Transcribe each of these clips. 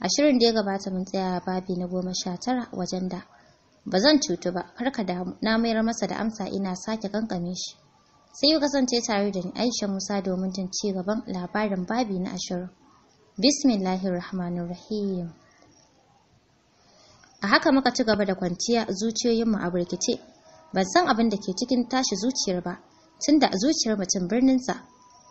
a shirin da ya gabata mun tsaya babi na goma sha tara wajen da ba zan cutu ba ka damu na mayar masa da amsa ina sake kankame shi sai ku kasance tare da ni aisha musa domin jin ci gaban labarin babi na ashirin bismillahir rahmanir rahim a haka muka ci gaba da kwanciya zuciyoyinmu a burkice ban san abin da ke cikin tashi zuciyar ba tunda zuciyar mutum birninsa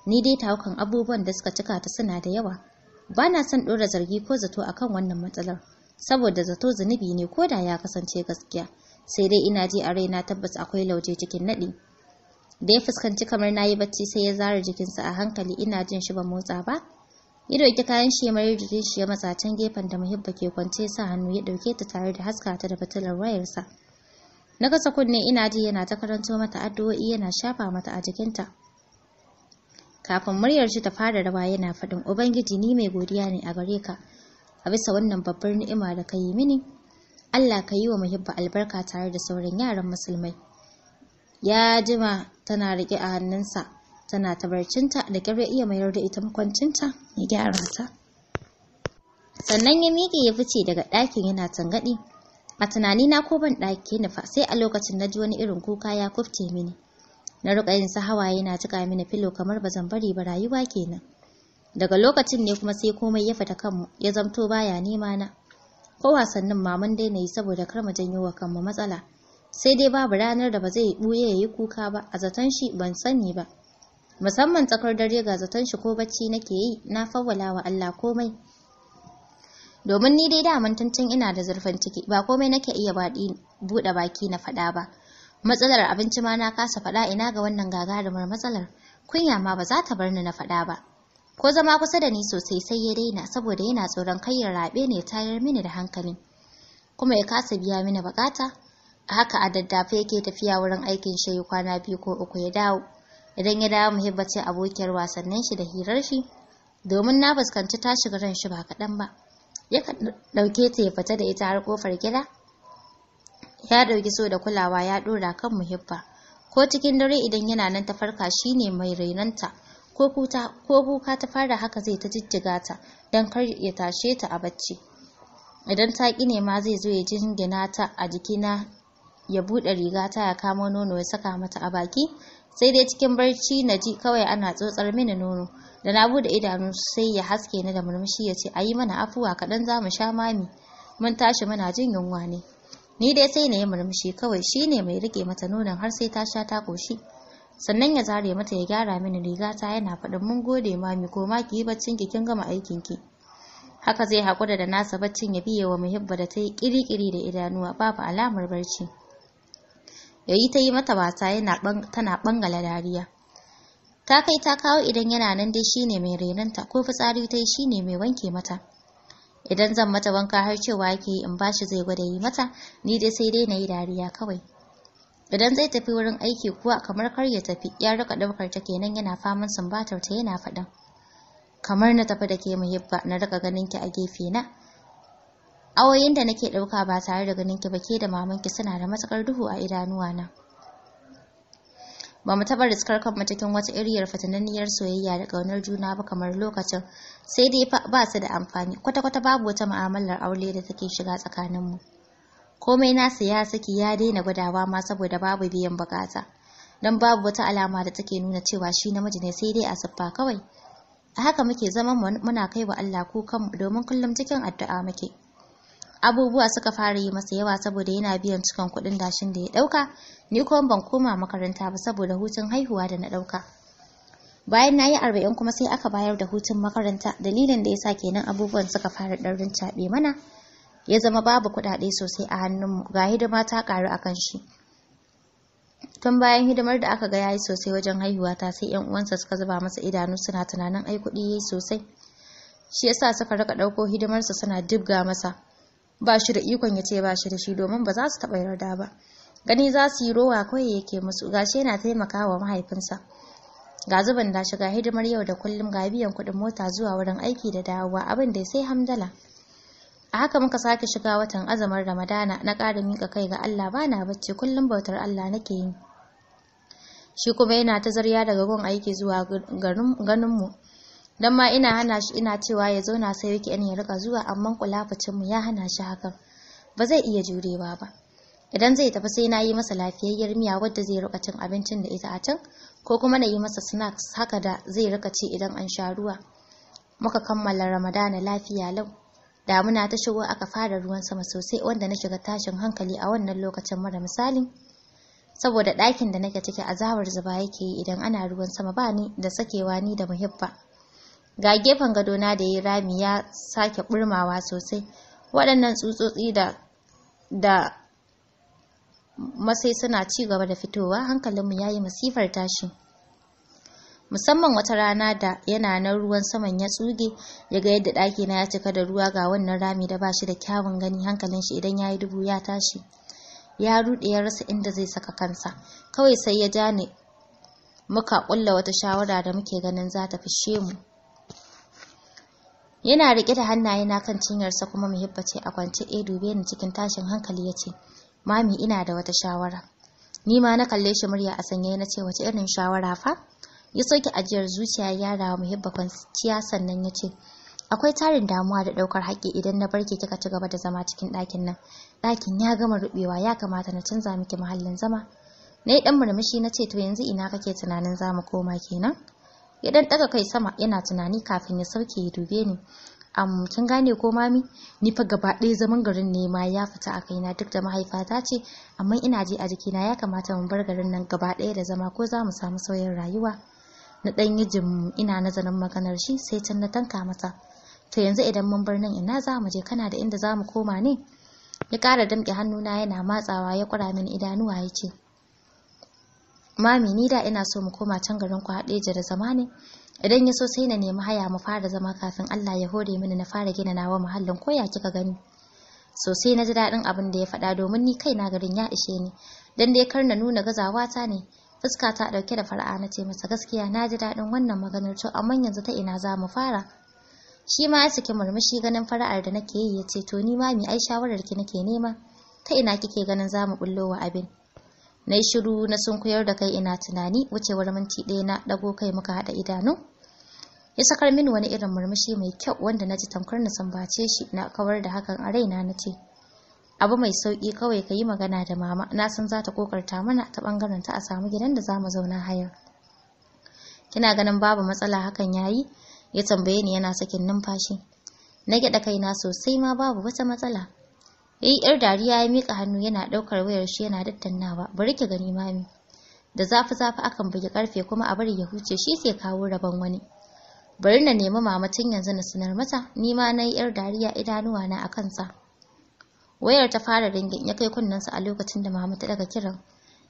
ni dai tawukan abubuwan da suka cika ta suna da yawa ba na son ɗora zargi ko zato a kan wannan matsalar saboda zato zunubi ne ko da ya kasance gaskiya sai dai ina ji a raina tabbas akwai lauje cikin naɗi da ya fuskanci kamar na yi bacci sai ya zara jikinsa a hankali ina jin shi ba motsa ba ya ɗauki kayan shemar ya jikin shi ya matsa can gefen da muhibba ke kwance sa hannu ya ɗauke ta tare da haska ta da fitilar wayarsa na kasa kunne ina ji yana ta karanto mata addu'o'i yana shafa mata a jikinta kafin muryar shi ta fara rawa yana faɗin ubangiji ni mai godiya ne a gare ka a bisa wannan babbar ni'ima da ka yi mini Allah ka yi wa muhibba albarka tare da sauran yaran musulmai ya jima tana riƙe a hannunsa tana tabarcinta da ƙyar iya mayar da ita makwancinta ya gyara ta sannan ya miƙe ya fice daga ɗakin yana tangaɗi a tunanina ko ban ɗaki fa sai a lokacin na ji wani irin kuka ya kufce mini na riƙa yin su hawaye na cika mini filo kamar ba zan bari ba rayuwa kenan daga lokacin ne kuma sai komai ya fita kanmu ya zamto baya nema na ko wasannin ma mun daina yi saboda kar mu janyo wa kanmu matsala sai dai babu ranar da ba zai buye ya yi kuka ba a zaton shi ban sani ba musamman tsakar dare ga zaton shi ko bacci nake yi na fawwala wa Allah komai domin ni dai daman tuntun ina da zurfin ciki ba komai nake iya baɗi buɗe baki na faɗa ba Matsalar abinci ma na kasa faɗa ina ga wannan gagarumar matsalar. Kunya ma ba za ta bar ni na faɗa ba. Ko zama kusa da ni sosai sai ya daina saboda yana tsoron kai ya rabe ne tayar mini da hankali. Kuma ya kasa biya mini bukata. A haka a daddafa yake tafiya wurin aikin shi kwana biyu ko uku ya dawo. Idan ya dawo muhibba ce abokiyar wasannin shi da hirar shi domin na fuskanci tashi garin ran shi ba kaɗan ba. Yakan ɗauke ta ya fita da ita har kofar gida ya ɗauki so da kulawa ya ɗora kan muhibba ko cikin dare idan yana nan ta farka shine mai rainanta ko kuka ta fara haka zai ta jijjiga ta dan kar ya tashe ta a bacci idan ta ne ma zai zo ya jingina ta a jikina ya buɗe riga ta ya kama nono ya saka mata a baki sai dai cikin barci na ji kawai ana tsotsar mini nono da na buɗe idanu sai ya haske ni da murmushi ya ce a yi mana afuwa kaɗan za mu sha mami mun tashi muna jin yunwa ne ni dai sai na yi murmushi kawai shi ne mai rike mata nonon har sai ta sha ta koshi sannan ya zare mata ya gyara mini riga ta yana faɗin mun gode mami ko ma ki yi baccin ki kin gama aikin ki haka zai haƙura da nasa baccin ya biye wa muhibba da ta yi ƙiri da idanuwa babu alamar barci ya yi ta yi mata wasa yana tana ɓangala dariya ta kai ta kawo idan yana nan dai shine mai renanta ko fitsari ta yi shine mai wanke mata idan zan mata wanka har cewa yake in ba shi zai gwada yi mata ni dai sai dai na yi dariya kawai idan zai tafi wurin aiki kuwa kamar kar ya tafi ya rika ɗaukar ta kenan yana faman sumbatar ta yana faɗan kamar na tafi da ke muhibba na rika ganin ki a gefe na awoyin da nake ɗauka ba tare da ganin ki ba ke da mamanki suna da matuƙar duhu a idanuwa na ba mu taɓa riskar kanmu cikin wata iriyar fatananniyar soyayya da ƙaunar juna ba kamar lokacin sai dai ba su da amfani kwata-kwata babu wata mu'amalar aure da take shiga tsakaninmu komai nasa ya saki ya daina gwadawa ma saboda babu biyan bukata don babu wata alama da take nuna cewa shi namiji ne sai dai a siffa kawai a haka muke zama muna kai wa Allah kukan domin kullum cikin addu'a muke abubuwa suka fara yi masa yawa saboda yana biyan cikan kuɗin dashin da ya ɗauka ni kuma ban koma makaranta ba saboda hutun haihuwa da na ɗauka bayan na yi arba'in kuma sai aka bayar da hutun makaranta dalilin da ya sa kenan abubuwan suka fara ɗaurin caɓe mana ya zama babu kuɗaɗe sosai a hannunmu ga hidima ta ƙaru akan shi tun bayan hidimar da aka ga yayi sosai wajen haihuwa ta sai yan uwansa suka zuba masa idanu suna tunanin ai kuɗi yayi sosai shi yasa suka rika ɗauko hidimarsa suna dibga masa ba shi da ikon ya ce ba shi da shi domin ba za su taɓa yarda ba gani za su yi rowa kawai yake musu gashi yana taimaka wa mahaifinsa ga zuban da shiga hidimar yau da kullum ga biyan kuɗin mota zuwa wurin aiki da dawowa abin da sai hamdala a haka muka sake shiga watan azumin ramadana na ƙara miƙa kai ga allah Ba na bacci kullum bautar allah nake yi shi kuma yana ta zarya daga gun aiki zuwa ganinmu dan ma ina hana shi ina cewa ya zauna sai wiki ya rika zuwa amma kulafacin mu ya hana shi hakan ba zai iya jurewa ba idan zai tafi sai na yi masa lafiyayyar miya wadda zai rika cin abincin da ita a can ko kuma na yi masa snacks haka da zai rika ci idan an sha ruwa muka kammala ramadana lafiya lau damuna ta shigo aka fara ruwan sama sosai wanda na shiga tashin hankali a wannan lokacin mara misalin. saboda ɗakin da nake ciki azawar zuba yake yi idan ana ruwan sama ba ni da sakewa ni da muhibba ga gefen gadona da ya rami ya sake burmawa sosai waɗannan tsutsotsi da da masai suna ci gaba da fitowa hankalinmu ya yi masifar tashi musamman wata rana da yana na ruwan saman ya tsuge ya ga yadda ɗakina ya cika da ruwa ga wannan rami da ba shi da kyawun gani hankalin shi idan ya yi dubu ya tashi ya ruɗe ya rasa inda zai saka kansa kawai sai ya ja ne muka ƙulla wata shawara da muke ganin za ta fishe mu yana rike da hannaye na kan cinyarsa kuma muhibba ce a kwance eh dube ni cikin tashin hankali ya ce mami ina da wata shawara ni ma na kalle shi murya a sanye na ce wace irin shawara fa ya soke ajiyar zuciya yara wa muhibba kwanciya sannan yace akwai tarin damuwa da daukar haƙƙi idan na barke kika ci gaba da zama cikin ɗakin nan ɗakin ya gama rubewa ya kamata na canza miki mahallin zama na yi ɗan murmushi na ce to yanzu ina kake tunanin za mu koma kenan ya dan daga kai sama yana tunani kafin ya sauke ya dube ni am kin gane ko mami ni fa gaba ɗaya zaman garin ne ma ya fita a kaina duk da mahaifata ce amma ina ji a jikina ya kamata mu bar garin nan gaba ɗaya da zama ko za mu samu sauyin rayuwa na ɗan yi jim ina nazarin maganar shi sai can na tanka mata to yanzu idan mun bar nan ina za mu je kana da inda za mu koma ne ya ƙara damƙe hannuna yana matsawa ya ƙura mini idanuwa ya ce mami ni da ina so mu koma can garin ku haɗeja da zama idan ya so sai na nemi haya mu fara zama kafin Allah ya hore mini na fara gina nawa muhallin koya kika gani sosai na ji daɗin abin da ya faɗa domin ni kaina garin ya ishe ni dan dai kar na nuna gazawa ta ne fuska ta ɗauke da fara'a na ce masa gaskiya na ji daɗin wannan maganar to amma yanzu ta ina za mu fara shi ma ya saki murmushi ganin fara'ar da nake yi ya ce to ni mami ai shawarar ki nake nema ta ina kike ganin za mu bullo wa abin na yi shiru na sunkuyar da kai ina tunani wucewar minti ɗaya na ɗago kai muka haɗa idanu ya sakar mini wani irin murmushi mai kyau wanda na ji tamkar na sambace shi na kawar da hakan a raina na ce abu mai sauƙi kawai ka yi magana da mama na san za ta kokarta mana ta ɓangaren ta a samu gidan da za mu zauna hayar kina ganin babu matsala hakan ya yi? ya tambaye ni yana sakin numfashi na gyaɗa kaina sosai ma babu wata matsala eh yar dariya ya mika hannu yana daukar wayar shi yana daddannawa bari ki gani mami da zafi zafi akan bugi karfe kuma a bari ya huce shi sai kawo rabon wani bari na nemi Mama tun yanzu na sanar mata ni ma nayi yar dariya idanuwa na akan sa wayar ta fara ringin ya kai sa a lokacin da mama ta daga kiran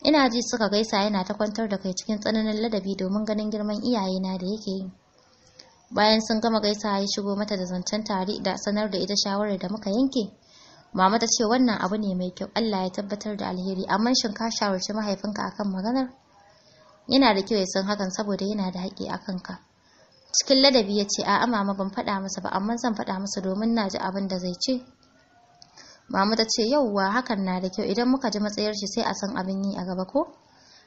ina ji suka gaisa yana ta kwantar da kai cikin tsananin ladabi domin ganin girman iyayena da yake yi bayan sun gama gaisa ya shigo mata da zancen tare da sanar da ita shawarar da muka yanke Mama ta ce wannan abu ne mai kyau Allah ya tabbatar da alheri amma shin ka shawarci mahaifinka akan maganar? Yana da kyau ya san hakan saboda yana da haƙƙi a kanka. Cikin ladabi ya ce a'a mama ban faɗa masa ba amma zan faɗa masa domin na ji abin da zai ce. Mama ta ce yauwa hakan na da kyau idan muka ji matsayar shi sai a san abin yi a gaba ko?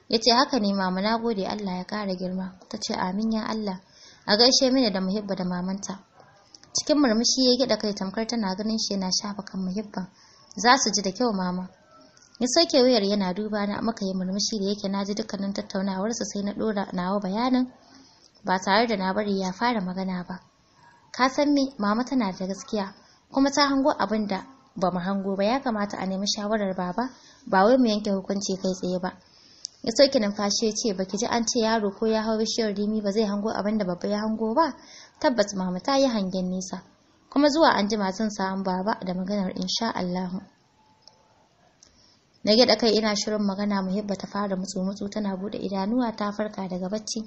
Ya ce haka ne mama na gode Allah ya ƙara girma. Ta ce amin ya Allah a gaishe mini da muhibba da mamanta. cikin murmushi ya gida kai tamkar tana ganin shi yana shafa kan muhibban za su ji da kyau mama ya sauke wayar yana duba na muka yi murmushi da yake naji dukkanin tattaunawar su sai na dora nawa bayanin ba tare da na bari ya fara magana ba ka san me mama tana da gaskiya kuma ta hango abinda da ba mu hango ba ya kamata a nemi shawarar baba ba wai mu yanke hukunci kai tsaye ba ya sauke numfashi ya ce baki ji an ce yaro ko ya hau bishiyar dimi ba zai hango abin da babba ya hango ba tabbas mama ta yi hangen nesa, kuma zuwa an jima zan samu baba da maganar insha Allahu na gida kai ina shirin magana muhibba ta fara mutsu-mutsu tana buɗe idanuwa ta farka daga bacci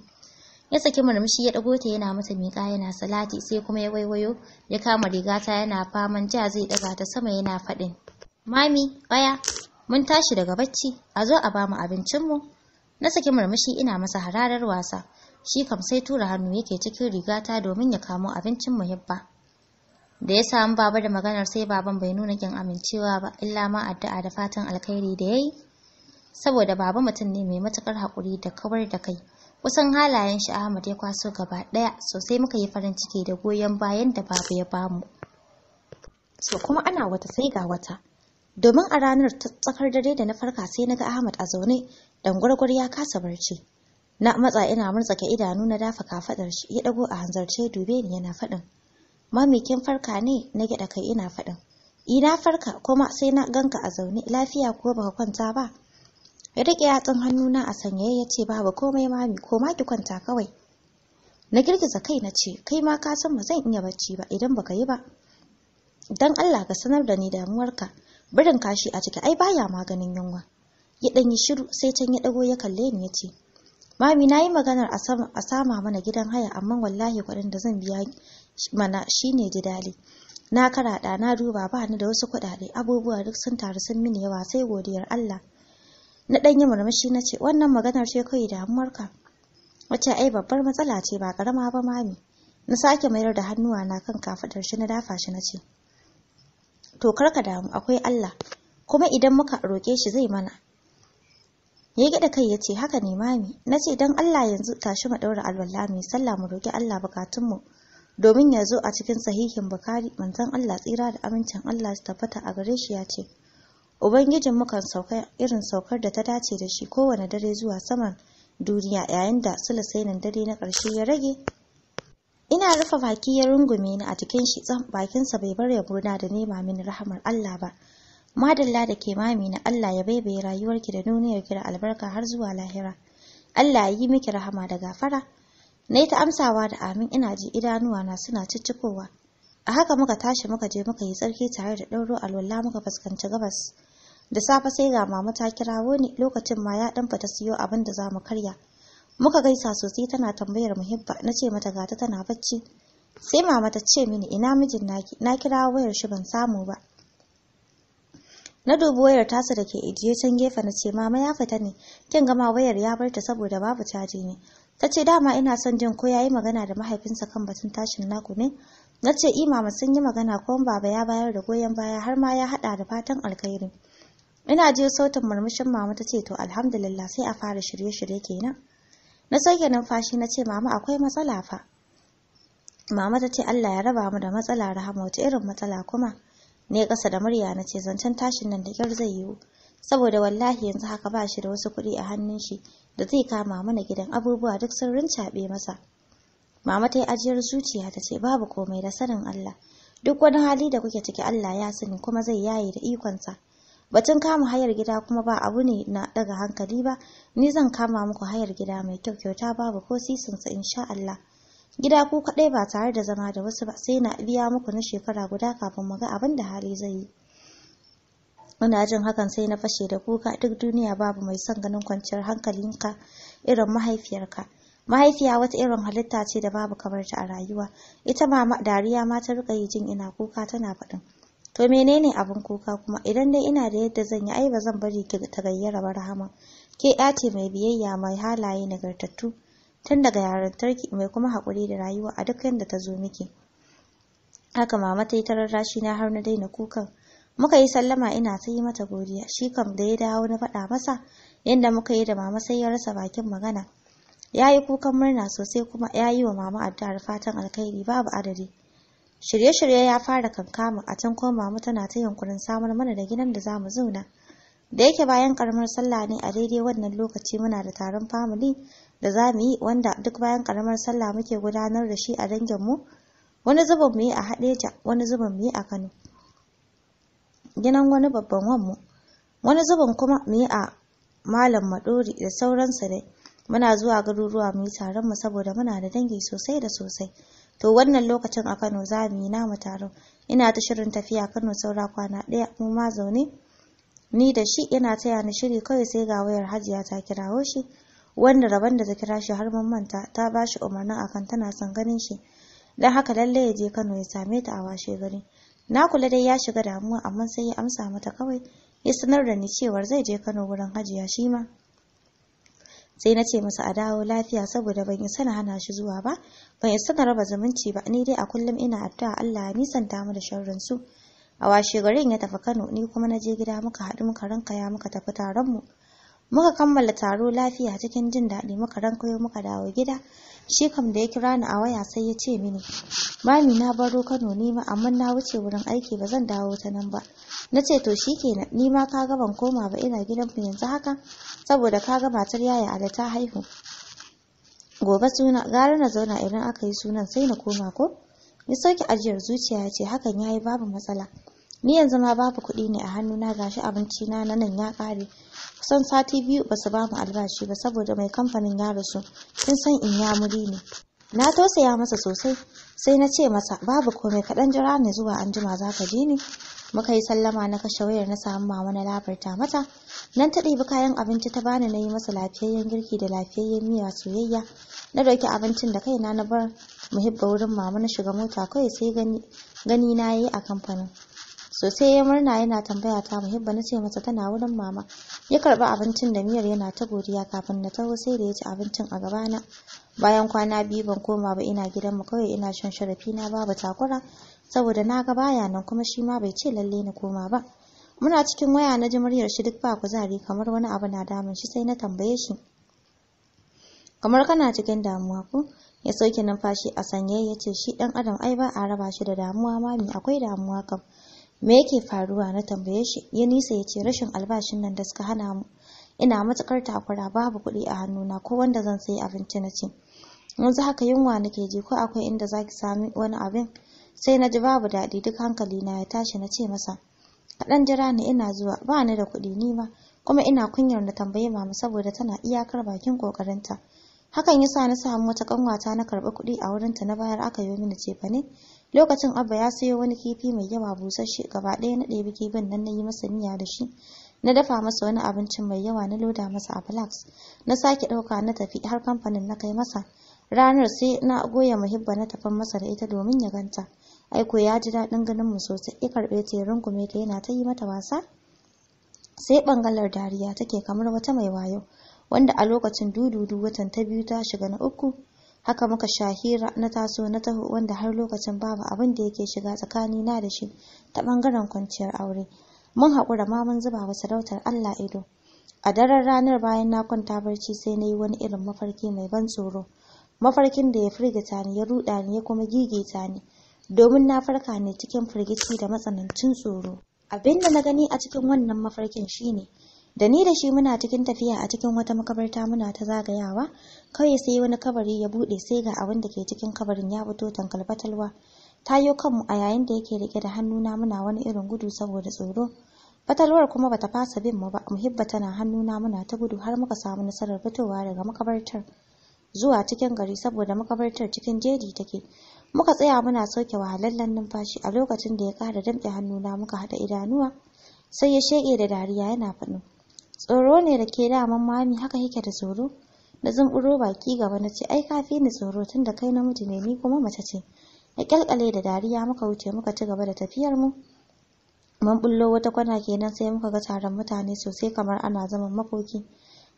ya saki murmushi ya dago ta yana mata miƙa yana salati sai kuma ya waiwayo ya kama rigata yana faman ja zai ɗaga ta sama yana faɗin mami baya mun tashi daga bacci a zo a bamu mu na saki murmushi ina masa hararar wasa shi kam sai tura hannu yake cikin rigata domin ya kamo abincin muhibba da ya samu baba da maganar sai baban bai nuna kin amincewa ba illa ma addu'a da fatan alkhairi da yayi saboda baba mutum ne mai matukar hakuri da kawar da kai kusan halayen shi Ahmad ya kwaso gaba ɗaya sosai muka yi farin ciki da goyon bayan da baba ya bamu so kuma ana wata sai ga wata domin a ranar tsakar dare da na farka sai na ga Ahmad a zaune dan gurgur ya kasa barci Na matsa ina murtsake idanu na dafa kafadar shi, ya dago a hanzarce dube ni yana faɗin. Mami kin farka ne? Na gyaɗa kai ina faɗin. Ina farka kuma sai na ganka a zaune lafiya ko baka kwanta ba. Ya riƙe yatsun na a sanyaye ya ce babu komai mami ko ma ki kwanta kawai. Na girgiza kai na ce kai ma ka san ba zan iya bacci ba idan baka yi ba. Dan Allah ka sanar da ni damuwarka. Birin kashi a ciki ai baya maganin yunwa. Ya ɗan shiru sai can ya dago ya kalle ni ya ce Mami na yi maganar a sama mana gidan haya amma wallahi kuɗin da zan biya mana shine jidali Na karaɗa na duba ba ni da wasu kuɗaɗe abubuwa duk sun taru sun mini yawa sai godiyar Allah. Na ɗan yi murmushi na ce wannan maganar ce kawai damuwarka. Wace ai babbar matsala ce ba ƙarama ba mami. Na sake mayar da hannuwa na kan kafaɗar shi na dafa shi na ce. To ka damu akwai Allah kuma idan muka roƙe shi zai mana ya gida kai ya ce haka ne mami na ce don allah yanzu tashi mu ɗaura alwala mai sallah mu roki allah bukatunmu domin ya zo a cikin sahihin bukari manzon allah tsira da amincin allah su tabbata a gare shi ya ce ubangijin mukan sauka irin saukar da ta dace da shi kowane dare zuwa saman duniya yayin da sulusainin dare na ƙarshe ya rage ina rufe baki ya rungume ni a jikin shi tsam bakinsa bai bar ya na da nema mini rahamar allah ba Madalla da ke mami na Allah ya baibaye rayuwarki da duniyar kira albarka har zuwa lahira. Allah ya yi miki rahama da gafara. Na yi ta amsawa da amin ina ji idanuwa na suna ciccikowa. A haka muka tashi muka je muka yi tsarki tare da ɗauro alwala muka fuskanci gabas. Da safe sai ga mama ta kirawo ni lokacin ma ya ɗan fita siyo abin da za mu karya. Muka gaisa sosai tana tambayar muhibba na ce mata gata tana bacci. Sai mama ta ce mini ina mijin naki na kira wayar shi ban samu ba. na dubi wayar tasa da ke ijiye can gefe na ce mama ya fita ne kin gama wayar ya barta saboda babu caji ne ta ce dama ina son jin ko yi magana da mahaifinsa kan batun tashin naku ne na ce Imama eh, sun yi magana ko baba ya bayar da goyon baya har ma ya haɗa da fatan alkhairi ina ji sautin murmushin mama ta ce to alhamdulillah sai a fara shirye-shirye kenan na sauke numfashi na ce mama akwai matsala fa mama ta ce Allah ya raba mu da matsala rahama wata irin matsala kuma ne kasa da murya na ce zancen tashin nan da kyar zai yiwu saboda wallahi yanzu haka ba shi da wasu kuɗi a hannun shi da zai kama mana gidan abubuwa duk sun rincaɓe masa mama ta yi ajiyar zuciya ta ce babu komai da sanin Allah duk wani hali da kuke ciki Allah ya sani kuma zai yaye da ikonsa batun kama hayar gida kuma ba abu ne na daga hankali ba ni zan kama muku hayar gida mai kyau kyauta babu ko sisinsa insha Allah Gida ku kaɗai ba tare da zama da wasu ba sai na biya muku na shekara guda kafin mu ga abin da hali zai yi. Ina jin hakan sai na fashe da kuka duk duniya babu mai son ganin kwanciyar hankalinka irin mahaifiyarka. Mahaifiya wata irin halitta ce da babu kamar ta a rayuwa. Ita ma dariya ma ta rika yi jin ina kuka tana faɗin. To menene abin kuka kuma idan dai ina da yadda zan yi ai ba zan bari ki ta gayyara ba rahama. Ke ya ce mai biyayya mai halaye nagartattu. tun daga yarantarki mai kuma haƙuri da rayuwa a duk yadda ta zo miki haka mama ta yi ta rarrashi na har na daina kukan muka yi sallama ina ta yi mata godiya shi kam da ya dawo na faɗa masa yadda muka yi da mama sai ya rasa bakin magana ya yi kukan murna sosai kuma ya yi wa mama addu'ar fatan alkhairi babu adadi shirye-shirye ya fara kankama a can kuma mama tana ta yunkurin samar mana da gidan da za mu zauna da yake bayan karamar sallah ne a daidai wannan lokaci muna da taron famili? da za mu yi wanda duk bayan karamar sallah muke gudanar da shi a danginmu wani zubin mu yi a haɗeja wani zubin mu yi a kano Ginan wani babban wanmu wani zubin kuma mu yi a malam maɗori da sauransu dai muna zuwa garuruwa mu yi taron mu saboda muna da dangi sosai da sosai to wannan lokacin a kano za mu yi namu taron ina ta shirin tafiya kano saura kwana ɗaya mu ma zaune ni da shi yana taya ni shiri kawai sai ga wayar hajiya ta kirawo shi wanda rabon da ta kira shi har mun manta ta ba shi umarnin akan tana son ganin shi dan haka lalle ya je Kano ya same ta a washe gari na kula dai ya shiga damuwa amma sai ya amsa mata kawai ya sanar da ni cewa zai je Kano wurin hajiya shi ma sai na ce masa a dawo lafiya saboda ban isa na hana shi zuwa ba ban isa na raba zumunci ba ni dai a kullum ina addu'a Allah ya nisanta mu da sharrin su a washe garin ya tafi kano ni kuma na je gida muka haɗu muka ya muka tafi taron mu muka kammala taro lafiya cikin jin daɗi muka rankayo muka dawo gida shi kam da ya kira ni a waya sai ya ce mini mami na baro kano ni ma amma na wuce wurin aiki ba zan dawo ta nan ba na ce to shikenan ni ma ka ga ban koma ba ina gidan mu yanzu haka saboda ka ga matar yaya ala ta haihu gobe suna gara na zauna idan aka yi sunan sai na koma ko ya sauke ajiyar zuciya ya ce hakan yayi babu matsala ni yanzu ma babu kuɗi ne a hannuna gashi abinci na nan ya ƙare kusan sati biyu ba su bamu albashi ba saboda mai kamfanin ya rasu sun san in ya muri ne na tausaya masa sosai sai na ce masa babu komai kaɗan jira ni zuwa anjima za ka je ni muka yi sallama na kashe wayar na samu mama na labarta mata nan ta ɗebi kayan abinci ta bani na yi masa lafiyayyen girki da lafiyayyen miya soyayya na ɗauki abincin da kaina na bar muhibba wurin mama na shiga mota kawai sai gani na yi a kamfanin sosai ya murna yana tambaya ta muhibba na ce masa tana wurin mama ya karba abincin da miyar yana ta godiya kafin na taho sai da ya ci abincin a gabana bayan kwana biyu ban koma ba ina gidan mu kawai ina shan sharafi na babu takura saboda na ga baya nan kuma shi ma bai ce lalle na koma ba muna cikin waya na ji muryar shi duk ba kuzari kamar wani abu na damun shi sai na tambaye shi kamar kana cikin damuwa ko ya sauke numfashi a sanye ya ce shi ɗan adam ai ba a raba shi da damuwa ma mami akwai damuwa kam me yake faruwa na tambaye shi ya nisa ya ce rashin albashin nan da suka hana mu ina matukar takura babu kuɗi a hannuna ko wanda zan sayi abinci na ci yanzu haka yunwa nake ji ko akwai inda zaki sami wani abin sai na ji babu daɗi duk hankali na ya tashi na ce masa kaɗan jira ni ina zuwa ba ni da kuɗi ni ma kuma ina kunyar na tambaye mama saboda tana iyakar bakin ƙoƙarinta hakan yasa na samu wata kanwata na karɓi kuɗi a wurin ta na bayar aka yi mini cefane lokacin abba ya sayo wani kifi mai yawa busasshe gaba ɗaya na ɗebi kifin nan na yi masa miya da shi na dafa masa wani abincin mai yawa na loda masa a flax na sake ɗauka na tafi har kamfanin na kai masa ranar sai na goya muhibba na tafan masa da ita domin ya ganta aiko ya ji daɗin ganin mu sosai ya karɓe ta ya rungume ta yana ta yi mata wasa sai bangalar dariya take kamar wata mai wayo wanda a lokacin dududu watan ta biyu ta shiga na uku haka muka sha hira na taso na taho wanda har lokacin babu abin da yake shiga tsakani na da shi ta bangaren kwanciyar aure mun haƙura ma mun zuba wa sarautar Allah ido a daren ranar bayan na kwanta barci sai na yi wani irin mafarki mai ban tsoro mafarkin da ya firgita ni ya ruɗa ni ya kuma gigita ni domin na farka ne cikin firgici da matsanancin tsoro abin da na gani a cikin wannan mafarkin shine da ni da shi muna cikin tafiya a cikin wata makabarta muna ta zagayawa kawai sai wani kabari ya bude sai ga abin da ke cikin kabarin ya fito tankalbatalwa tayo kanmu a yayin da yake rike da hannuna muna wani irin gudu saboda tsoro Fatalwar kuma bata fasa bin mu ba muhibba tana hannuna muna ta gudu har muka samu nasarar fitowa daga makabartar zuwa cikin gari saboda makabartar cikin jeji take muka tsaya muna sauke wahalallen numfashi a lokacin da ya kara damƙe hannuna muka haɗa idanuwa sai ya shege da dariya yana faɗin Tsoro ne da ke daman mami haka yake da tsoro? Na zumburo baki gaba na ce, ai kafi ni tsoro tun da kai namiji ne ni kuma mace ce. Na kyalkale da dariya muka wuce muka ci gaba da tafiyar mu. Mun bullo wata kwana kenan sai muka ga taron mutane sosai kamar ana zaman makoki.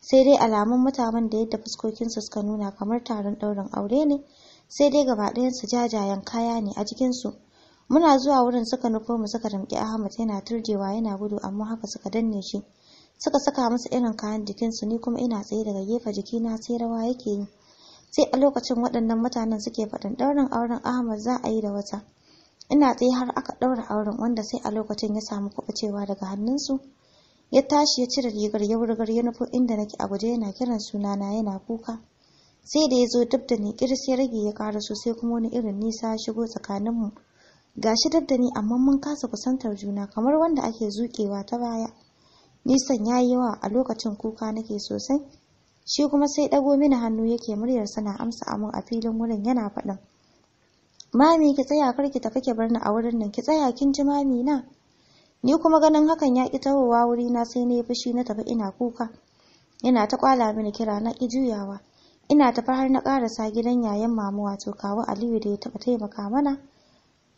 Sai dai alamun mutanen da yadda fuskokinsu suka nuna kamar taron ɗaurin aure ne, sai dai gaba ɗayan su jajayen kaya ne a su Muna zuwa wurin suka nufo mu suka damƙi Ahmad yana turjewa yana gudu amma haka suka danne shi. suka saka musu irin kayan jikinsu ni kuma ina tsaye daga gefe jikina sai rawa yake yi sai a lokacin waɗannan mutanen suke faɗin ɗaurin auren ahmad za a yi da wata ina tsaye har aka ɗaura auren wanda sai a lokacin ya samu kuɓucewa daga hannunsu ya tashi ya cire rigar ya wurgar ya nufo inda nake a guje yana kiran sunana yana kuka sai da ya zo duk da ni kiris ya rage ya ƙara sosai kuma wani irin nisa ya shigo tsakaninmu gashi duk da ni amma mun kasa kusantar juna kamar wanda ake zuƙewa ta baya nisan ya yi yawa a lokacin kuka nake sosai shi kuma sai ɗago mini hannu yake muryar sana amsa amin a filin wurin yana faɗin mami ki tsaya kar ki tafi ki bar ni a wurin nan ki tsaya kin ji mami na ni kuma ganin hakan ya ki tahowa wuri na sai na yi fushi na tafi ina kuka yana ta kwala mini kira na ki juyawa ina tafi har na karasa gidan yayan mamu wato kawu Aliyu da ya taba taimaka mana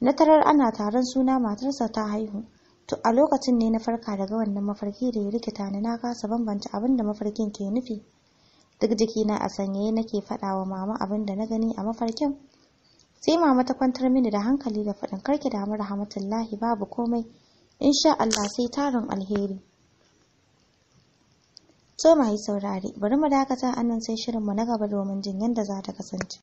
na tarar ana taron suna matarsa ta haihu To a lokacin ne na farka daga wannan mafarki da ya rikita ni na kasa bambanta abin da mafarkin ke nufi. Duk jikina a sanyaye nake faɗa wa mama abin da na gani a mafarkin. Sai mama ta kwantar mini da hankali da faɗin karki damu rahmatullahi babu komai. Insha Allah sai tarin alheri. To mai saurare, bari mu dakata anan sai shirin mu na gaba domin jin yadda za ta kasance.